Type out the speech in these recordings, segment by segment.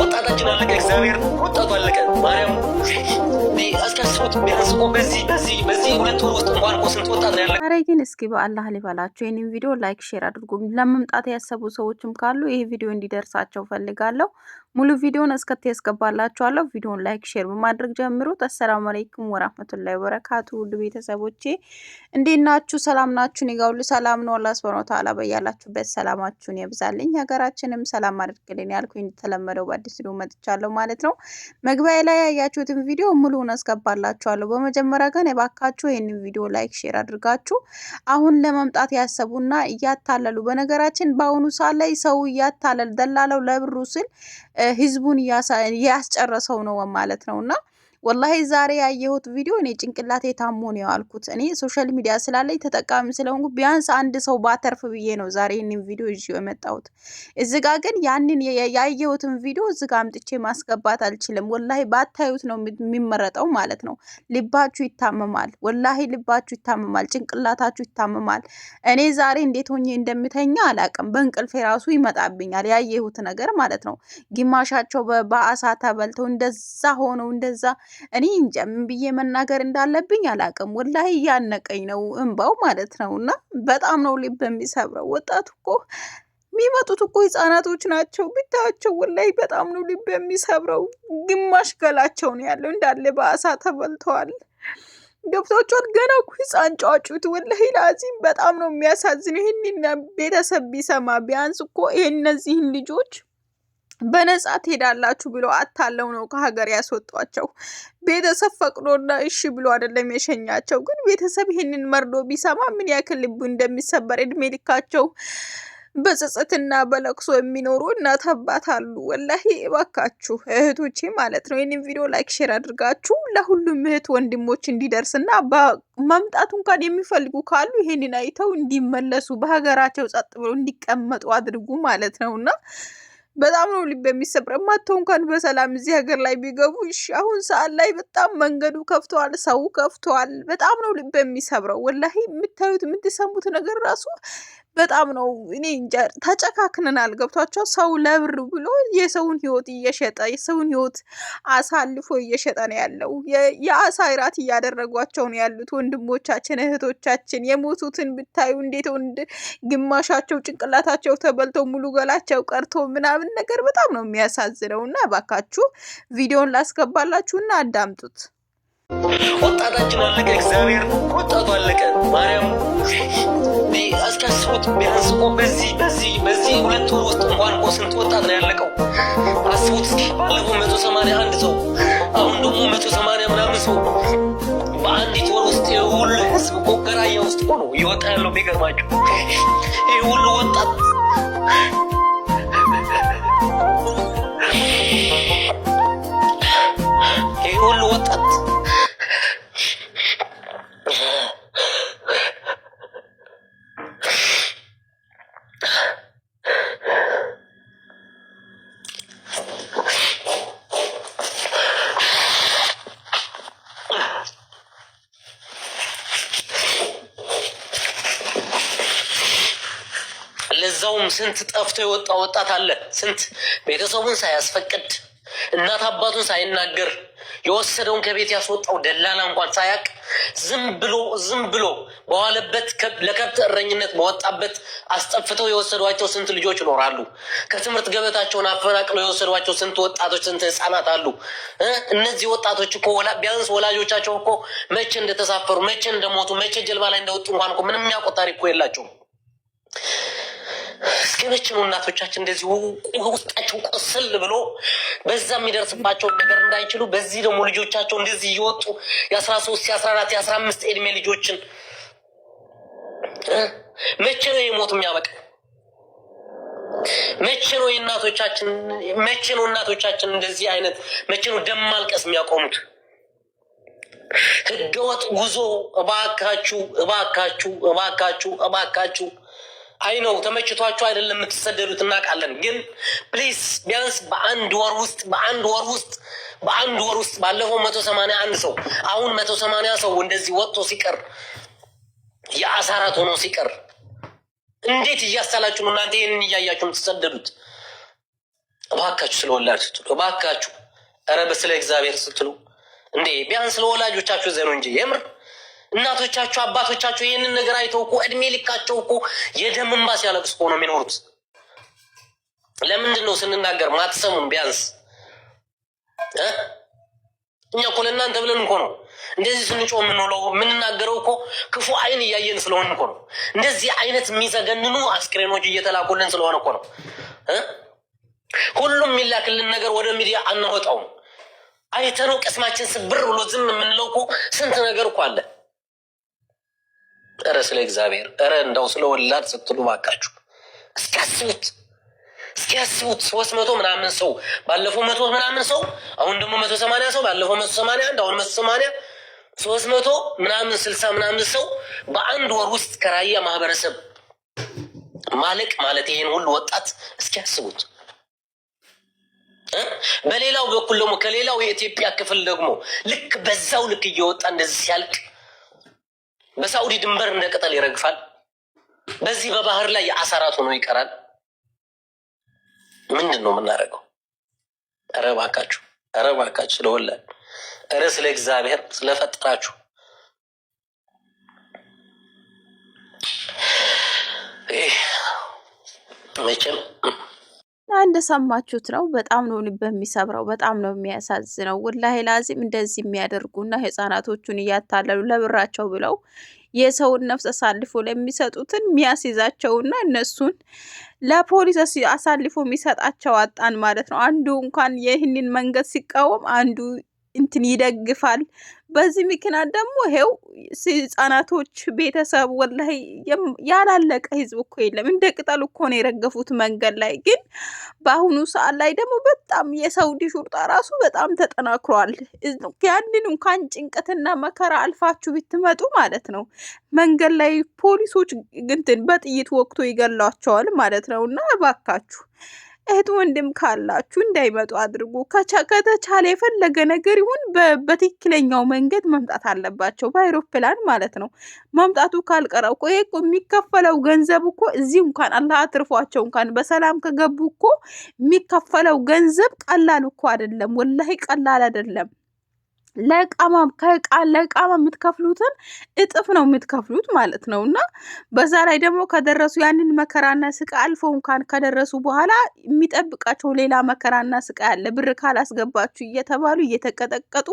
ወጣታችን አለቀ። እግዚአብሔር ወጣቱ አለቀ። ማርያም ቢያንስ እኮ በዚህ በዚህ በዚህ ሁለት ወር ውስጥ እንኳን እኮ ስንት ወጣት ኧረ ግን እስኪ በአላህ ሊበላችሁ ይህንን ቪዲዮ ላይክ ሼር አድርጉ። ለመምጣት ያሰቡ ሰዎችም ካሉ ይህ ቪዲዮ እንዲደርሳቸው ፈልጋለሁ። ሙሉ ቪዲዮን እስከት ያስገባላችኋለሁ። ቪዲዮን ላይክ፣ ሼር በማድረግ ጀምሩት። አሰላሙ አለይኩም ወራህመቱላሂ ወበረካቱ። ውድ ቤተሰቦቼ እንዴት ናችሁ? ሰላም ናችሁ? እኔ ጋር ሁሉ ሰላም ነው። አላህ ሱብሃነሁ ወተዓላ በያላችሁበት ሰላማችሁን ያብዛልኝ፣ ሀገራችንም ሰላም አድርግልን ያልኩኝ እንደተለመደው በአዲስ ቪዲዮ መጥቻለሁ ማለት ነው። መግቢያ ላይ ያያችሁትን ቪዲዮ ሙሉውን አስገባላችኋለሁ። በመጀመሪያ ግን የባካችሁ ይህንን ቪዲዮ ላይክ፣ ሼር አድርጋችሁ አሁን ለመምጣት ያሰቡና እያታለሉ በነገራችን በአሁኑ ሰዓት ላይ ሰው እያታለል ደላለው ለብሩ ስል ህዝቡን ያስጨረሰው ነው ማለት ነው እና ወላሂ ዛሬ ያየሁት ቪዲዮ እኔ ጭንቅላቴ ታሞ ነው ያልኩት። እኔ ሶሻል ሚዲያ ስላለኝ ተጠቃሚ ስለሆንኩ ቢያንስ አንድ ሰው ባተርፍ ብዬ ነው ዛሬ ይህንን ቪዲዮ እ የመጣሁት እዚ ጋ ግን ያንን ያየሁትን ቪዲዮ እዚ ጋ አምጥቼ ማስገባት አልችልም። ወላሂ ባታዩት ነው የሚመረጠው ማለት ነው። ልባችሁ ይታመማል። ወላሂ ልባችሁ ይታመማል፣ ጭንቅላታችሁ ይታመማል። እኔ ዛሬ እንዴት ሆኜ እንደምተኛ አላቅም። በእንቅልፌ ራሱ ይመጣብኛል ያየሁት ነገር ማለት ነው። ግማሻቸው በአሳ ተበልተው እንደዛ ሆነው እንደዛ እኔ እንጃ ምን ብዬ መናገር እንዳለብኝ አላቅም። ወላሂ እያነቀኝ ነው እምባው ማለት ነው። እና በጣም ነው ልብ የሚሰብረው። ወጣቱ እኮ የሚመጡት እኮ ህጻናቶች ናቸው ብታያቸው፣ ወላሂ በጣም ነው ልብ የሚሰብረው። ግማሽ ገላቸው ነው ያለው እንዳለ በአሳ ተበልተዋል። ገብቷቸዋል። ገና እኮ ህፃን ጫጩት ወላሂ ላዚም በጣም ነው የሚያሳዝነው። ይህን ቤተሰብ ቢሰማ ቢያንስ እኮ ይህን እነዚህን ልጆች በነጻ ትሄዳላችሁ ብሎ አታለው ነው ከሀገር ያስወጧቸው። ቤተሰብ ፈቅዶና እሺ ብሎ አይደለም የሸኛቸው። ግን ቤተሰብ ይህንን መርዶ ቢሰማ ምን ያክል ልቡ እንደሚሰበር እድሜ ልካቸው በጸጸትና በለቅሶ የሚኖሩ እናት አባት አሉ። ወላሂ እባካችሁ እህቶቼ ማለት ነው ይህንን ቪዲዮ ላይክ፣ ሼር አድርጋችሁ ለሁሉም እህት ወንድሞች እንዲደርስና መምጣቱ እንኳን የሚፈልጉ ካሉ ይሄንን አይተው እንዲመለሱ በሀገራቸው ጸጥ ብሎ እንዲቀመጡ አድርጉ ማለት ነው እና በጣም ነው ልብ የሚሰብረ ማተው እንኳን በሰላም እዚህ ሀገር ላይ ቢገቡ እሺ። አሁን ሰዓት ላይ በጣም መንገዱ ከፍተዋል፣ ሰው ከፍተዋል። በጣም ነው ልብ የሚሰብረው። ወላሂ የምታዩት የምትሰሙት ነገር ራሱ በጣም ነው እኔ እንጃ። ተጨካክነናል። ገብቷቸው ሰው ለብር ብሎ የሰውን ህይወት እየሸጠ የሰውን ህይወት አሳልፎ እየሸጠ ነው ያለው። የአሳ እራት እያደረጓቸው ነው ያሉት ወንድሞቻችን እህቶቻችን። የሞቱትን ብታዩ እንዴት ግማሻቸው ጭንቅላታቸው ተበልተው ሙሉ ገላቸው ቀርቶ ምናምን ምናምን ነገር በጣም ነው የሚያሳዝነው። እና እባካችሁ ቪዲዮን ላስገባላችሁ እና አዳምጡት። ወጣታችን አለቀ፣ እግዚአብሔር ወጣቱ አለቀ። ማርያም አስታስቡት፣ ቢያንስ በዚህ በዚህ በዚህ ሁለት ወር ውስጥ እንኳን እኮ ስንት ወጣት ነው ያለቀው? አስቡት እስኪ ባለፈው መቶ ሰማንያ አንድ ሰው አሁን ደግሞ መቶ ሰማንያ ምናምን ሰው በአንዲት ወር ውስጥ የሁሉ ህዝብ እኮ ውስጥ ሆኖ ይወጣ ያለው የሚገርማቸው ይህ ሁሉ ወጣት የወሎ ወጣት ለዛውም ስንት ጠፍቶ የወጣ ወጣት አለ። ስንት ቤተሰቡን ሳያስፈቅድ እናት አባቱን ሳይናገር የወሰደውን ከቤት ያስወጣው ደላላ እንኳን ሳያቅ ዝም ብሎ ዝም ብሎ በዋለበት ለከብት እረኝነት በወጣበት አስጠፍተው የወሰዷቸው ስንት ልጆች ይኖራሉ? ከትምህርት ገበታቸውን አፈናቅለው የወሰዷቸው ስንት ወጣቶች፣ ስንት ህፃናት አሉ? እነዚህ ወጣቶች እኮ ቢያንስ ወላጆቻቸው እኮ መቼ እንደተሳፈሩ፣ መቼ እንደሞቱ፣ መቼ ጀልባ ላይ እንደወጡ እንኳን ምንም የሚያውቁት ታሪክ እኮ የላቸውም። እስከመቼ ነው እናቶቻችን እንደዚህ ውስጣቸው ቆስል ብሎ በዛ የሚደርስባቸውን ነገር እንዳይችሉ በዚህ ደግሞ ልጆቻቸው እንደዚህ እየወጡ የአስራ ሶስት የአስራ አራት የአስራ አምስት ልጆችን መቼ ነው የሚያበቃ? መቼ ነው የእናቶቻችን መቼ ነው እናቶቻችን እንደዚህ አይነት መቼ ነው ደም ማልቀስ የሚያቆሙት? ህገወጥ ጉዞ እባካችሁ እባካችሁ እባካችሁ እባካችሁ አይ ነው ተመችቷችሁ አይደለም የምትሰደዱት፣ እናውቃለን። ግን ፕሊስ ቢያንስ በአንድ ወር ውስጥ በአንድ ወር ውስጥ በአንድ ወር ውስጥ ባለፈው መቶ ሰማንያ አንድ ሰው አሁን መቶ ሰማንያ ሰው እንደዚህ ወጥቶ ሲቀር የአሳራት ሆኖ ሲቀር እንዴት እያሳላችሁ ነው እናንተ ይህንን እያያችሁ የምትሰደዱት? እባካችሁ ስለ ወላጅ ስትሉ እባካችሁ ረበ ስለ እግዚአብሔር ስትሉ እንዴ ቢያንስ ለወላጆቻችሁ ዘኑ እንጂ የምር እናቶቻቸው አባቶቻቸው ይህንን ነገር አይተው እኮ እድሜ ልካቸው እኮ የደም እንባ ሲያለቅስ እኮ ነው የሚኖሩት። ለምንድን ነው ስንናገር ማትሰሙን? ቢያንስ እኛ እኮ ለእናንተ ብለን እኮ ነው እንደዚህ ስንጮ የምንውለው። የምንናገረው እኮ ክፉ አይን እያየን ስለሆን እኮ ነው። እንደዚህ አይነት የሚዘገንኑ አስክሬኖች እየተላኩልን ስለሆነ እኮ ነው። ሁሉም የሚላክልን ነገር ወደ ሚዲያ አናወጣውም። አይተነው ቀስማችን ስብር ብሎ ዝም የምንለው እኮ ስንት ነገር እኮ አለ። ረ ስለ እግዚአብሔር ረ እንዳው ስለ ወላድ ስትሉ ባካችሁ እስኪያስቡት እስኪያስቡት ሶስት መቶ ምናምን ሰው ባለፈው መቶ ምናምን ሰው አሁን ደግሞ መቶ ሰማንያ ሰው ባለፈው መቶ ሰማንያ አንድ አሁን መቶ ሰማንያ ሶስት መቶ ምናምን ስልሳ ምናምን ሰው በአንድ ወር ውስጥ ከራያ ማህበረሰብ ማለቅ ማለት ይሄን ሁሉ ወጣት እስኪያስቡት። በሌላው በኩል ደግሞ ከሌላው የኢትዮጵያ ክፍል ደግሞ ልክ በዛው ልክ እየወጣ እንደዚህ ሲያልቅ በሳዑዲ ድንበር እንደ ቅጠል ይረግፋል። በዚህ በባህር ላይ የአሳራት ሆኖ ይቀራል። ምንድን ነው የምናደርገው? ኧረ እባካችሁ፣ ኧረ እባካችሁ፣ ስለወላድ እረ ስለ እግዚአብሔር ስለፈጠራችሁ መቼም እና እንደሰማችሁት ነው። በጣም ነው ልብ በጣም ነው የሚያሳዝነው። ወላሂ ላዚም እንደዚህ የሚያደርጉና ህጻናቶቹን እያታለሉ ለብራቸው ብለው የሰውን ነፍስ አሳልፎ ለሚሰጡትን ሚያስይዛቸውና እነሱን ለፖሊስ አሳልፎ የሚሰጣቸው አጣን ማለት ነው። አንዱ እንኳን ይህንን መንገድ ሲቃወም አንዱ እንትን ይደግፋል። በዚህ ምክንያት ደግሞ ይሄው ህጻናቶች ቤተሰብ ወላሂ ያላለቀ ህዝብ እኮ የለም። እንደ ቅጠል እኮ ነው የረገፉት መንገድ ላይ። ግን በአሁኑ ሰዓት ላይ ደግሞ በጣም የሳውዲ ሹርጣ ራሱ በጣም ተጠናክሯል። ያንን እንኳን ጭንቀትና መከራ አልፋችሁ ብትመጡ ማለት ነው መንገድ ላይ ፖሊሶች ግንትን በጥይት ወቅቶ ይገላቸዋል ማለት ነው እና እባካችሁ እህት ወንድም ካላችሁ እንዳይመጡ አድርጉ። ከተቻለ የፈለገ ነገር ይሁን በትክክለኛው መንገድ መምጣት አለባቸው፣ በአይሮፕላን ማለት ነው። መምጣቱ ካልቀረ እኮ ይሄ እኮ የሚከፈለው ገንዘብ እኮ እዚህ እንኳን አላህ አትርፏቸው እንኳን በሰላም ከገቡ እኮ የሚከፈለው ገንዘብ ቀላል እኮ አይደለም፣ ወላሂ ቀላል አይደለም። ለእቃማ ከእቃ ለእቃማ የምትከፍሉትን እጥፍ ነው የምትከፍሉት ማለት ነው። እና በዛ ላይ ደግሞ ከደረሱ ያንን መከራና ስቃ አልፈው እንኳን ከደረሱ በኋላ የሚጠብቃቸው ሌላ መከራና ስቃ ያለ ብር ካላስገባችሁ እየተባሉ እየተቀጠቀጡ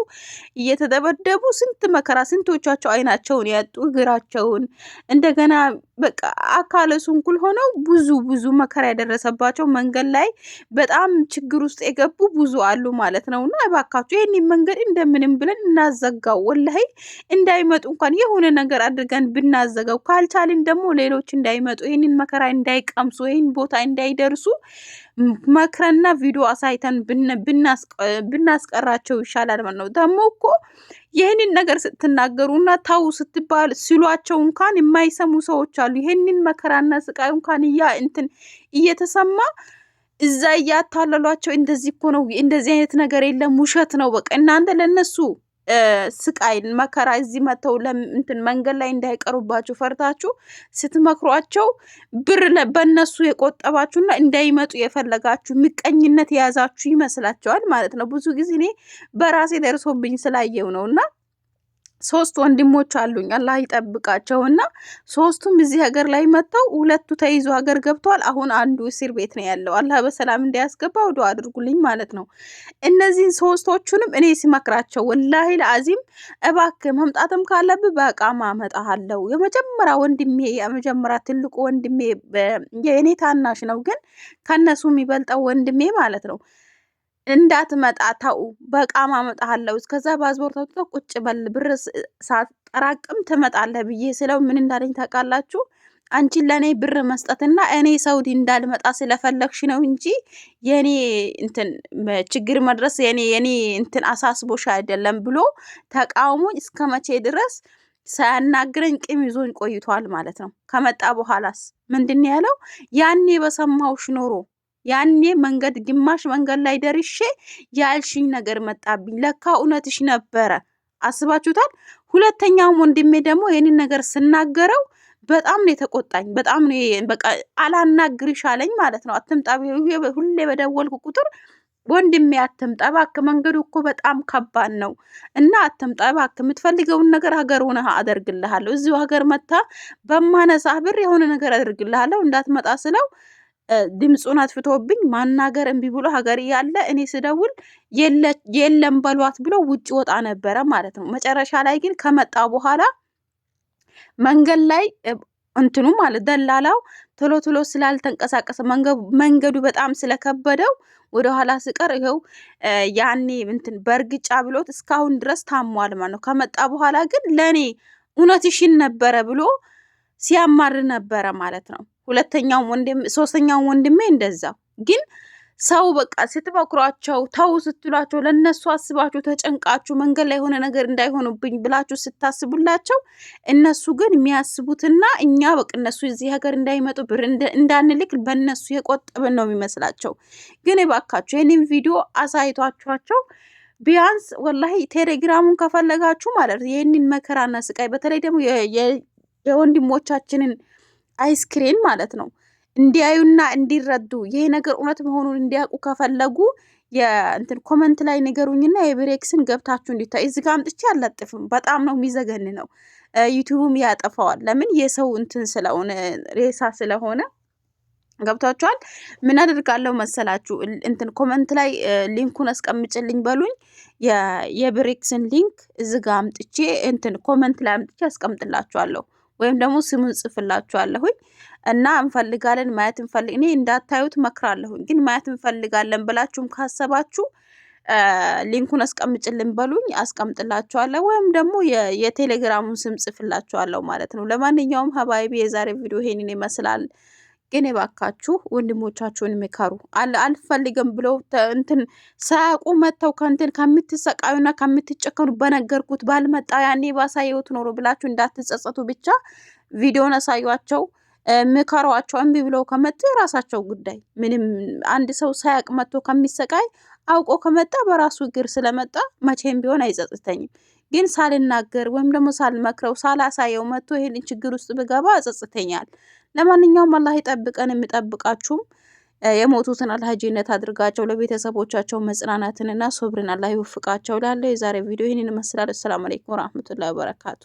እየተደበደቡ ስንት መከራ ስንቶቻቸው አይናቸውን ያጡ እግራቸውን እንደገና በቃ አካለ ስንኩል ሆነው ብዙ ብዙ መከራ ያደረሰባቸው መንገድ ላይ በጣም ችግር ውስጥ የገቡ ብዙ አሉ ማለት ነው። እና እባካችሁ ይህን መንገድ እንደምን አይደለም ብለን እናዘጋው። ወላሂ እንዳይመጡ እንኳን የሆነ ነገር አድርገን ብናዘጋው፣ ካልቻልን ደግሞ ሌሎች እንዳይመጡ ይህንን መከራ እንዳይቀምሱ፣ ይህን ቦታ እንዳይደርሱ መክረና ቪዲዮ አሳይተን ብናስቀራቸው ይሻላል ማለት ነው። ደግሞ እኮ ይህንን ነገር ስትናገሩና ታው ስትባል ሲሏቸው እንኳን የማይሰሙ ሰዎች አሉ። ይህንን መከራና ስቃይ እንኳን እያ እንትን እየተሰማ እዛ እያታለሏቸው እንደዚህ እኮ ነው፣ እንደዚህ አይነት ነገር የለም፣ ውሸት ነው። በቃ እናንተ ለነሱ ስቃይ መከራ እዚህ መጥተው እንትን መንገድ ላይ እንዳይቀሩባችሁ ፈርታችሁ ስትመክሯቸው ብር በእነሱ የቆጠባችሁና እንዳይመጡ የፈለጋችሁ ምቀኝነት የያዛችሁ ይመስላቸዋል ማለት ነው። ብዙ ጊዜ እኔ በራሴ ደርሶብኝ ስላየው ነው እና ሶስት ወንድሞች አሉኝ። አላህ ይጠብቃቸው እና ሶስቱም እዚህ ሀገር ላይ መጥተው ሁለቱ ተይዞ ሀገር ገብተዋል። አሁን አንዱ እስር ቤት ነው ያለው። አላህ በሰላም እንዲያስገባ ወደ አድርጉልኝ ማለት ነው። እነዚህን ሶስቶቹንም እኔ ሲመክራቸው ወላሂ ለአዚም እባክህ መምጣትም ካለብህ በቃማ እመጣሃለሁ። የመጀመሪያ ወንድሜ የመጀመሪያ ትልቁ ወንድሜ የእኔ ታናሽ ነው፣ ግን ከነሱ የሚበልጠው ወንድሜ ማለት ነው እንዳትመጣ ተው፣ በቃም አመጣሃለሁ። እስከዛ ፓስፖርት አውጥተህ ቁጭ በል፣ ብር ሳጠራቅም ትመጣለህ ብዬ ስለው ምን እንዳለኝ ታውቃላችሁ? አንቺን ለእኔ ብር መስጠትና እኔ ሰውዲ እንዳልመጣ ስለፈለግሽ ነው እንጂ የኔ እንትን ችግር መድረስ የኔ የኔ እንትን አሳስቦሽ አይደለም ብሎ ተቃውሞኝ እስከ መቼ ድረስ ሳያናግረኝ ቂም ይዞኝ ቆይቷል ማለት ነው። ከመጣ በኋላስ ምንድን ያለው? ያኔ በሰማሁሽ ኖሮ ያኔ መንገድ ግማሽ መንገድ ላይ ደርሼ ያልሽኝ ነገር መጣብኝ። ለካ እውነትሽ ነበረ። አስባችሁታል? ሁለተኛውም ወንድሜ ደግሞ ይህንን ነገር ስናገረው በጣም ነው የተቆጣኝ። በጣም ነው በቃ አላናግርሽ አለኝ ማለት ነው። አትምጣ ሁሌ በደወልኩ ቁጥር ወንድሜ አትምጣ እባክህ፣ መንገዱ እኮ በጣም ከባድ ነው እና አትምጣ እባክህ፣ የምትፈልገውን ነገር ሀገር ሆነህ አደርግልሃለሁ። እዚሁ ሀገር መታ በማነሳ ብር የሆነ ነገር አደርግልሃለሁ እንዳትመጣ ስለው ድምፁን አጥፍቶብኝ ማናገር እምቢ ብሎ ሀገር እያለ እኔ ስደውል የለም በሏት ብሎ ውጭ ወጣ ነበረ ማለት ነው። መጨረሻ ላይ ግን ከመጣ በኋላ መንገድ ላይ እንትኑ ማለት ደላላው ቶሎ ቶሎ ስላልተንቀሳቀሰ መንገዱ በጣም ስለከበደው ወደ ኋላ ስቀር ይኸው ያኔ እንትን በእርግጫ ብሎት እስካሁን ድረስ ታሟል ማለት ነው። ከመጣ በኋላ ግን ለእኔ እውነትሽን ነበረ ብሎ ሲያማር ነበረ ማለት ነው። ሁለተኛውም ወንድም ሶስተኛውም ወንድሜ እንደዛ ግን ሰው በቃ ስትመክሯቸው ተው ስትሏቸው ለእነሱ አስባችሁ ተጨንቃችሁ መንገድ ላይ የሆነ ነገር እንዳይሆኑብኝ ብላችሁ ስታስቡላቸው እነሱ ግን የሚያስቡትና እኛ በቃ እነሱ እዚህ ሀገር እንዳይመጡ ብር እንዳንልክ በእነሱ የቆጠብን ነው የሚመስላቸው። ግን እባካችሁ ይህንን ቪዲዮ አሳይቷችኋቸው ቢያንስ ወላሂ ቴሌግራሙን ከፈለጋችሁ ማለት ይህንን መከራና ስቃይ በተለይ ደግሞ የወንድሞቻችንን አይስክሬን ማለት ነው እንዲያዩና እንዲረዱ ይሄ ነገር እውነት መሆኑን እንዲያውቁ ከፈለጉ የእንትን ኮመንት ላይ ንገሩኝና የብሬክስን ገብታችሁ እንዲታይ እዚ ጋ አምጥቼ አላጥፍም። በጣም ነው የሚዘገን ነው። ዩቲዩብም ያጠፋዋል። ለምን የሰው እንትን ስለሆነ ሬሳ ስለሆነ ገብታችኋል። ምን አደርጋለሁ መሰላችሁ? እንትን ኮመንት ላይ ሊንኩን አስቀምጭልኝ በሉኝ። የብሬክስን ሊንክ እዚ ጋ አምጥቼ እንትን ኮመንት ላይ አምጥቼ አስቀምጥላችኋለሁ። ወይም ደግሞ ስሙን ጽፍላችኋለሁኝ እና እንፈልጋለን ማየት እንፈልግ እኔ እንዳታዩት መክራለሁኝ። ግን ማየት እንፈልጋለን ብላችሁም ካሰባችሁ ሊንኩን አስቀምጭልን በሉኝ፣ አስቀምጥላችኋለሁ ወይም ደግሞ የቴሌግራሙን ስም ጽፍላችኋለሁ ማለት ነው። ለማንኛውም ሀባይቢ የዛሬ ቪዲዮ ይሄንን ይመስላል። ግን የባካችሁ ወንድሞቻችሁን ምከሩ። አልፈልግም ብለው እንትን ሳያውቁ መጥተው ከእንትን ከምትሰቃዩና ከምትጨከኑ በነገርኩት ባልመጣ ያኔ ባሳየሁት ኖሮ ብላችሁ እንዳትጸጸቱ ብቻ ቪዲዮን አሳዩቸው፣ ምከሯቸው። እምቢ ብለው ከመጡ የራሳቸው ጉዳይ። ምንም አንድ ሰው ሳያቅ መጥቶ ከሚሰቃይ አውቆ ከመጣ በራሱ እግር ስለመጣ መቼም ቢሆን አይጸጽተኝም። ግን ሳልናገር ወይም ደግሞ ሳልመክረው ሳላሳየው መጥቶ ይሄንን ችግር ውስጥ ብገባ ጸጽተኛል። ለማንኛውም አላህ ይጠብቀን፣ የሚጠብቃችሁም የሞቱትን አላህ ጀነት አድርጋቸው፣ ለቤተሰቦቻቸው መጽናናትንና ሶብርን አላህ ይወፍቃቸው። ላለው የዛሬ ቪዲዮ ይህንን ይመስላል። አሰላሙ አለይኩም ወራህመቱላሂ ወበረካቱ።